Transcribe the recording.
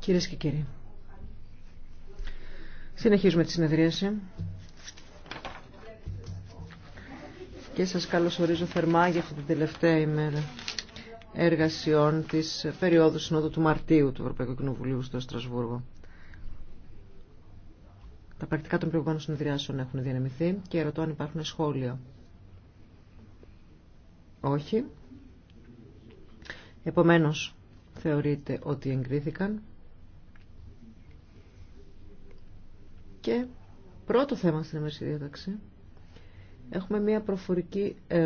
κυρίες και κύριοι συνεχίζουμε τη συνεδρίαση και σας καλωσορίζω θερμά για αυτήν την τελευταία ημέρα εργασιών της περίοδου συνόδου του Μαρτίου του Ευρωπαϊκού Κοινοβουλίου στο Αστρασβούργο. Τα πρακτικά των προηγούμενων συνεδριάσεων έχουν διανεμηθεί και ρωτώ αν υπάρχουν σχόλια. Όχι. Επομένως, θεωρείται ότι εγκρίθηκαν. Και πρώτο θέμα στην εμερική διάταξη. Έχουμε μία προφορική ερώτηση.